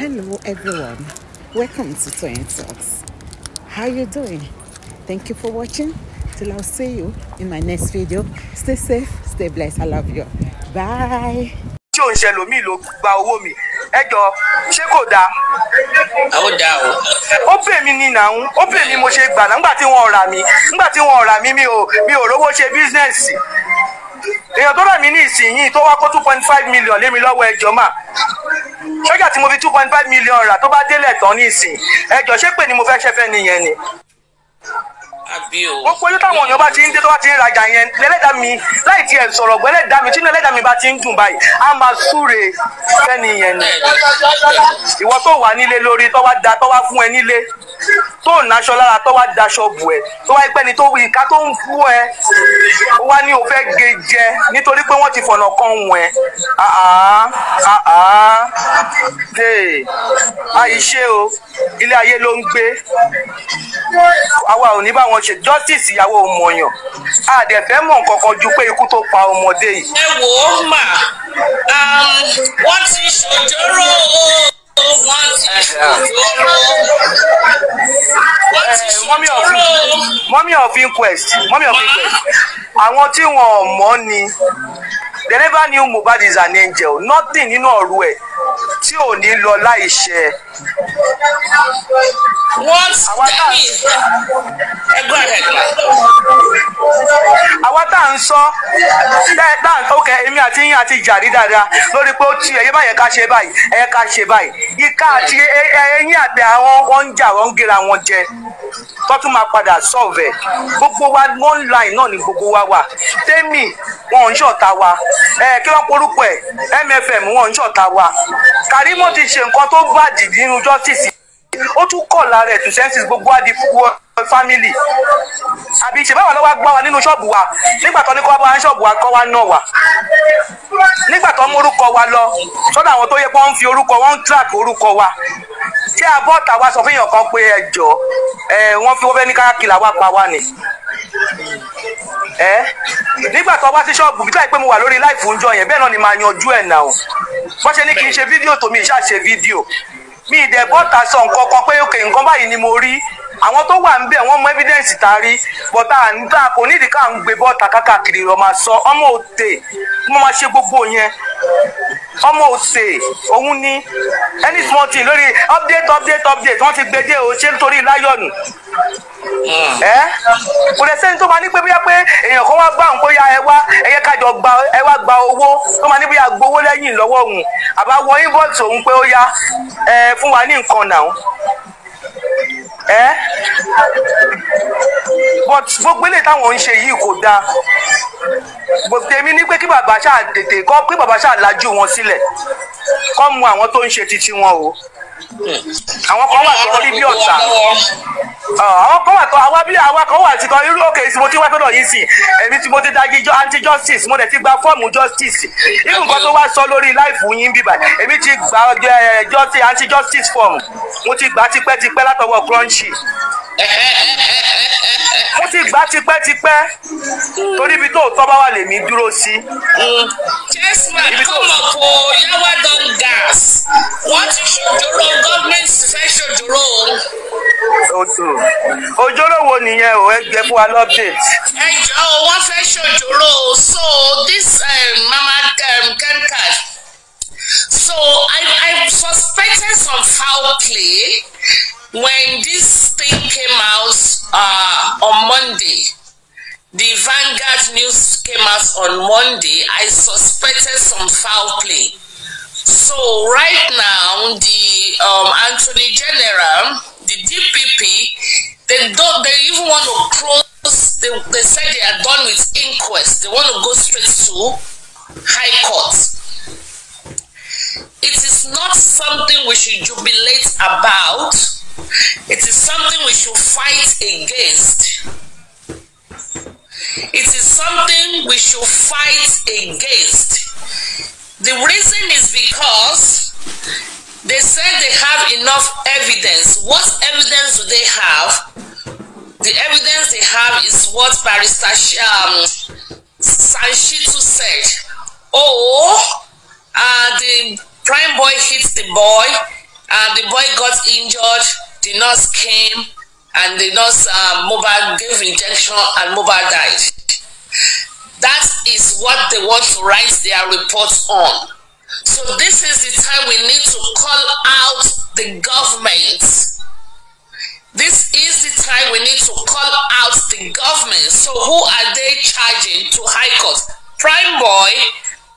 Hello everyone. Welcome to Toyeen Talks. How you doing? Thank you for watching. Till I'll see you in my next video. Stay safe, stay blessed. I love you. Bye. Tí ò ń ṣe lòmíì ló gba owó mi, ẹ jọ ṣé kò dáa? Ó dáa o. Ó pè mí ní nàún, ó pè mí mo ṣe gbà nígbà tí wọ́n rà mí, nígbà tí wọ́n rà mí mi ò mi ò rówó ṣe bísínẹ́sì. Èèyàn tó rà mí ní ìsinyìí tó wá kó two point five million lé mi lọ́wọ́ ẹjọ́ máa ṣọ́jà tí mo fi two point five million rà tó bá délẹ̀ tán ní ìsìn ẹjọ́ ṣé pè ní mo fẹ́ ṣẹ́fẹ́ nìyẹn ni ó pé táwọn èèyàn bá ti ń dé tó bá ti ń rajà yẹn lẹ́lẹ́dàá mi láì tiẹ̀ sọ̀rọ̀ gbọ́ lẹ́lẹ́dàá mi tí lẹ́lẹ́dàá mi bá ti ń dùn báyìí á máa súre fẹ́ni yẹn ni ìwọ tó wà nílé lórí tó wá da tó wá fún ẹ nílé tó náṣọ lára tó wá daṣọ bù ẹ tó wá pẹ́ni tó wí ìka tó ń fú ẹ ó wá ní o fẹ́ ge jẹ nítorí pé wọ́n ti fọ̀nà kan wù ẹ àìṣe ah, ah, ah, o ilé ayé ló ń gbé àwa ò ní bá ṣe justice ìyàwó ọmọọyàn àdẹ̀fẹ́ mọ̀ nǹkan ju pé ikú tó pa ọmọdé yìí. ẹ wò ó mà wọ́n ti ṣòjóró o mọ́mí mọ́mí of inquest mọ́mí of inquest àwọn tí wọ́n mọ̀ ni they never knew Mohbad is an angel nothing nínú ọ̀rọ̀ ẹ̀ tí ò ní lọ láì ṣe. What means? Ẹ gbọ́ ẹ̀ àwa tá à ń sọ tá à ń ok èmi àti yín àti jà ní dáadáa lórí pé ó ti ẹ̀yẹ́ báyẹn ká ṣe báyìí ẹ̀yẹ́ ká ṣe báyìí ìka àti ẹ̀yìn àti àwọn wọn ń jà wọn jẹ tó máa padà sọ̀vẹ̀ gbogbo wa online náà ni gbogbo wa wà tèmi wọn ò ń ṣọ̀tá wa kí wọ́n porúkọ ẹ̀ mfm wọn ò ń ṣọ̀tá wa Karimo ti ṣe nǹkan tó bàjẹ́ nínú justice ó tún kọ̀ lára ẹ̀tù senses gbogbo àdì fúwọ́ family àbí ìṣèbáwá lọ́wọ́ gbá wa nínú ṣọ́ọ̀bù wa nígbà tó ní kó wá bá wa ní ṣọ́ọ̀bù wa kọ́ wa náà wà nígbà tó ń mórúkọ wa lọ sọ́dọ̀ àwọn tó yẹ kó ń fi orúkọ wọn ń track orúkọ wa tí a wa tàwa sọ fún èèyàn kan pé ẹ jọ ẹ wọ́n fi wọ́n fẹ́ ní káàkiri àwa pa wa ni ẹ nígbà tó wá sí ṣọ́ọ̀bù bí táyì pé mo wà lórí láìfù jọ yẹn bẹ́ẹ̀ náà ni màá yanjú ẹ̀ náà bọ́n ṣe ní kí n ṣe fídíò tòmí ìṣàṣe fídíò mi ìdẹ̀ bọ́ta sọ nǹkan kan pé òkè nǹkan báyìí ni mo rí àwọn tó wà ń bẹ̀ wọ́n mọ evidence ta a rí bọ́tà nígbà kò nídìí ká ń gbé bọ́ta kákàkiri ọmọ sọ ọmọ òtè mo máa ṣe gbogbo yẹn ọmọ òsè òun ni any small thing lórí update update update wọ́n ti gbé o ṣé nítorí ẹ eh? kò lè sẹ́ni tó máa ní pé bóyá pé èèyàn kan wá bá òun pé ya ẹ wá ẹ yẹ kájọ gba ẹ wá gba owó tó máa ní bóyá gbowó lẹ́yìn lọ́wọ́ òun àbá wọ invoice òun pé ó yá ẹ fún wa ní nǹkan náà ẹ eh? but gbogbo eléyìí táwọn ń ṣe yìí kò dáa tèmi ní pé kí bàbá ṣáà tètè kọ́ pé bàbá ṣáà lajú wọn sílẹ̀ kọ́ mu àwọn tó ń ṣe titi wọn o hmm. àwọn kan wà tó bí ọ̀tá àwọn kan wà tó àwa bí àwa kan wà títọ́ irú òkè tí mo ti wá tọ́lọ̀ yìí sìn èmi tí mo ti dájú anti justice mo dẹ̀ ti gba fọ́ọ̀mù justice irú nǹkan tó wá sọ lórí láìfù yín bíbà èmi ti gba eh, eh, anti justice fọ́ọ̀mù mo ti gbà tipẹ́tipẹ́ látọwọ́ crunchy. mo ti gbà tipẹ́tipẹ́ torí ibi tó tọ́ bá wà lèmi dúró sí. chessman mm. come up o yawa don gas wọ́n ti ṣòjòrò government fẹ́ ṣòjòrò òjòrò wo nìyẹn o ẹ jẹ́ fún wa lọ́pdẹ̀tì. ẹ jọ wọn fẹ́ ṣòjòrò so this um, mama um, kankan so I, I suspected some foul play when this thing came out uh, on Monday, the Vanguard news came out on Monday, I suspected some foul play. So right now, the um, Anthony General, the DPP, they don't, they even want to close. They, they said they are done with inquest. They want to go straight to High Court. It is not something we should jubilate about It is something we should fight against. It is something we should fight against. The reason is because they said they have enough evidence. What evidence do they have? The evidence they have is what Barrister um, Sanshitu said. Oh, uh, the prime boy hits the boy and the boy got injured the nurse came and the nurse uh, mobile gave injection and mobile died that is what they want to write their report on so this is the time we need to call out the government this is the time we need to call out the government so who are they charging to high court prime boy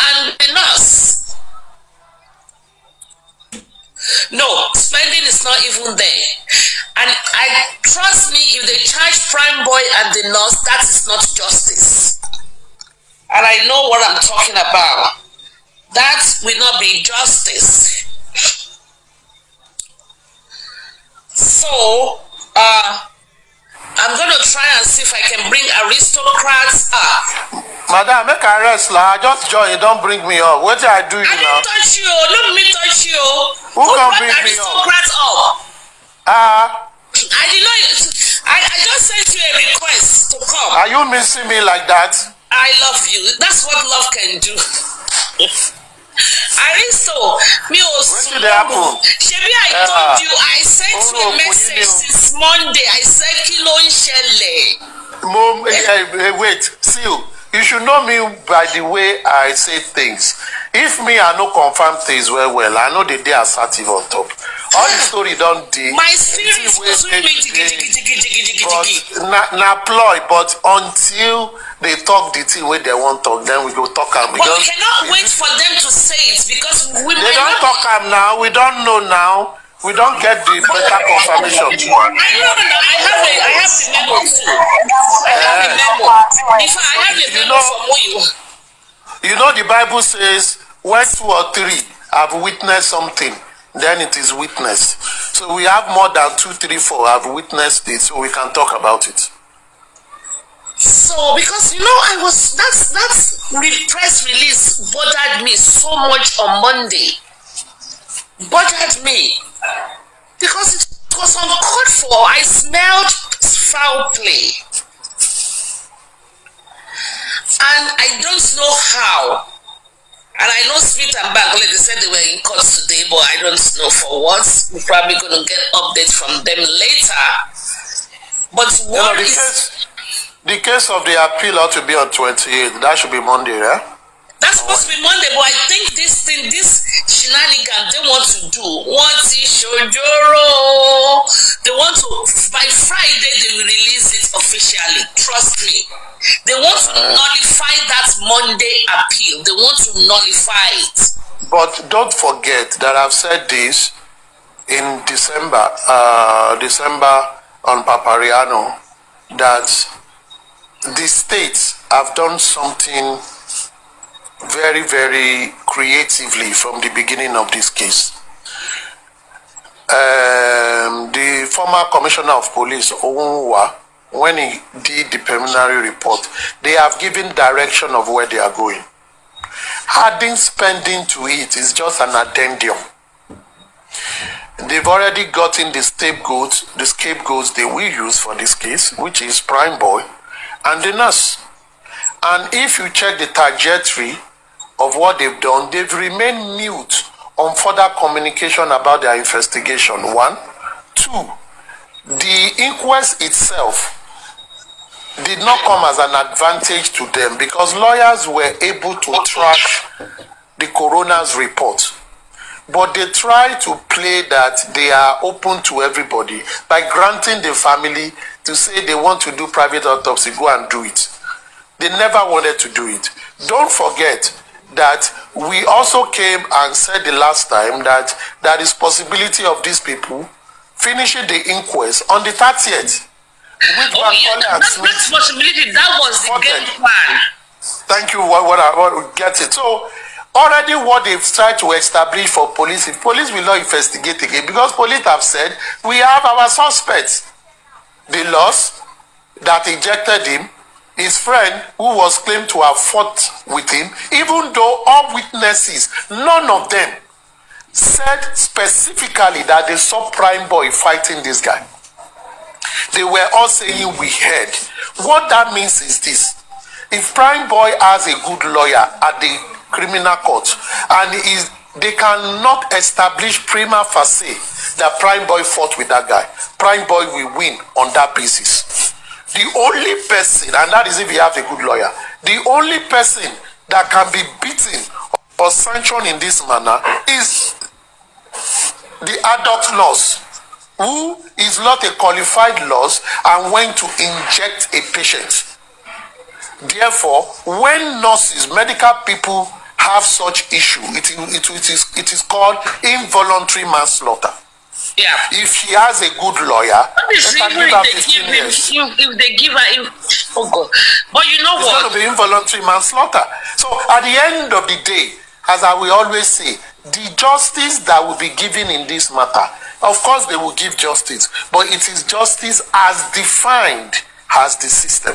and the nurse No, spending is not even there. And I trust me, if they charge prime boy and the nurse, that is not justice. And I know what I'm talking about. That will not be justice. So, uh, I'm going to try and see if I can bring aristocrats up. Madam, make a rest la. I just join. You don't bring me up. What did I do you I now? I didn't touch you. Let me touch you. Who Who can bring me aristocrats up? Ah. Uh, I did not. I, I just sent you a request to come. Are you missing me like that? I love you. That's what love can do. Aristo, mi ò sùn lóru. Ṣebí I told you I ah, sent you a message since Monday. I said kí ló ń ṣẹlẹ̀. Mom, eh, eh, wait, see you. You should know me by the way I say things. If me, I no confirm things well well. I know the day assertive on top all the story don dey my spirit go soon reach gidigidigidigi but na na ploy but until they talk the thing wey they wan talk then we go talk am because but we cannot wait for them to say it because we they don talk am now we don know now we don get the better confirmation. I know na I have a I have the memo too I have the eh. memo in fact I have the memo from oyo. you know the bible says when two or three have witnessed something then it is witnessed. So we have more than two, three, four have witnessed it, so we can talk about it. So because you know I was that's that's press release bothered me so much on Monday. Bothered me because it was uncalled for. I smelled foul play. And I don't know how And I know Smith and Bankole, they said they were in court today, but I don't know for what. We're probably going to get updates from them later. But what no, the, is... case, the case of the appeal ought to be on 28th. That should be Monday, yeah? That's supposed to be Monday, but I think this thing this shenanigan they want to do wọ́n ti ṣojóró they want to by Friday they will release it officially trust me they want to nullify that Monday appeal they want to nullify it. but don't forget that I've said this in December uh, December on Papariano that the states have done something very, very creatively from the beginning of this case. Um, the former commissioner of police, Ounwa, when he did the preliminary report, they have given direction of where they are going. Adding spending to it is just an addendum. They've already gotten the scapegoats, the scapegoats they will use for this case, which is Prime Boy and the nurse. And if you check the trajectory of what they've done, they've remained mute on further communication about their investigation. One, two, the inquest itself did not come as an advantage to them because lawyers were able to track the coroner's report. But they tried to play that they are open to everybody by granting the family to say they want to do private autopsy, go and do it. They never wanted to do it. Don't forget, that we also came and said the last time that there is possibility of these people finishing the inquest on the 30th. Which oh, yeah, that, that's possibility. That was the game plan. Thank you. What, what I what, get it. So already what they've tried to establish for police, if police will not investigate again, because police have said we have our suspects. The loss that ejected him his friend who was claimed to have fought with him, even though all witnesses, none of them said specifically that they saw Prime Boy fighting this guy. They were all saying we heard. What that means is this if Prime Boy has a good lawyer at the criminal court and is they cannot establish prima facie that Prime Boy fought with that guy, Prime Boy will win on that basis the only person and that is if you have a good lawyer the only person that can be beaten or sanctioned in this manner is the adult nurse who is not a qualified nurse and when to inject a patient therefore when nurses medical people have such issue it, it, it, is, it is called involuntary manslaughter Yeah. If she has a good lawyer, Obviously, they give years. If, if they give her, if, oh God. But you know it's what? It's going to be involuntary manslaughter. So at the end of the day, as I will always say, the justice that will be given in this matter, of course they will give justice, but it is justice as defined as the system,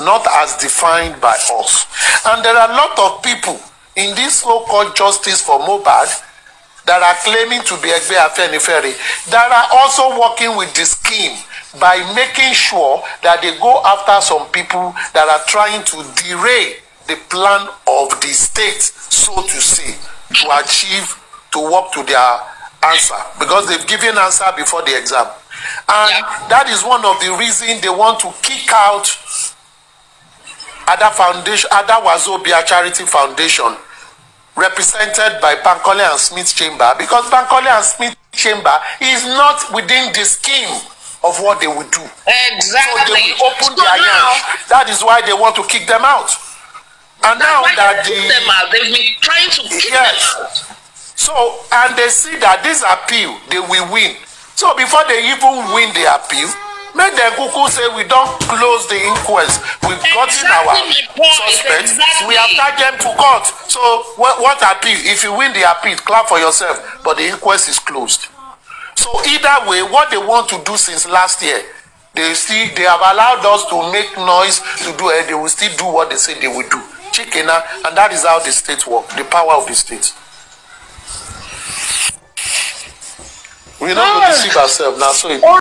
not as defined by us. And there are a lot of people in this so-called justice for Mobad that are claiming to be ẹgbẹ́ Afẹ́nifẹ́re that are also working with the scheme by making sure that they go after some people that are trying to derail the plan of the state so to say to achieve to work to their answer because they've given answer before the exam and yeah. that is one of the reasons they want to kick out other Foundation other Wazobia Charity Foundation represented by Bankole and Smith Chamber because Bankole and Smith Chamber is not within the scheme of what they would do. Exactly. So they will open so their now, That is why they want to kick them out. And now that they the, them out. they've been trying to kick yes. them out. So and they see that this appeal they will win. So before they even win the appeal, make dem kuku say we don close the inquest we got in our suspect we have tagged dem to court so what, what appeal if you win the appeal clap for yourself but the inquest is closed so either way what they want to do since last year they still they have allowed us to make noise to do and they will still do what they say they will do chikena and that is how the state work the power of the state we no go deceive ourselves na so e be.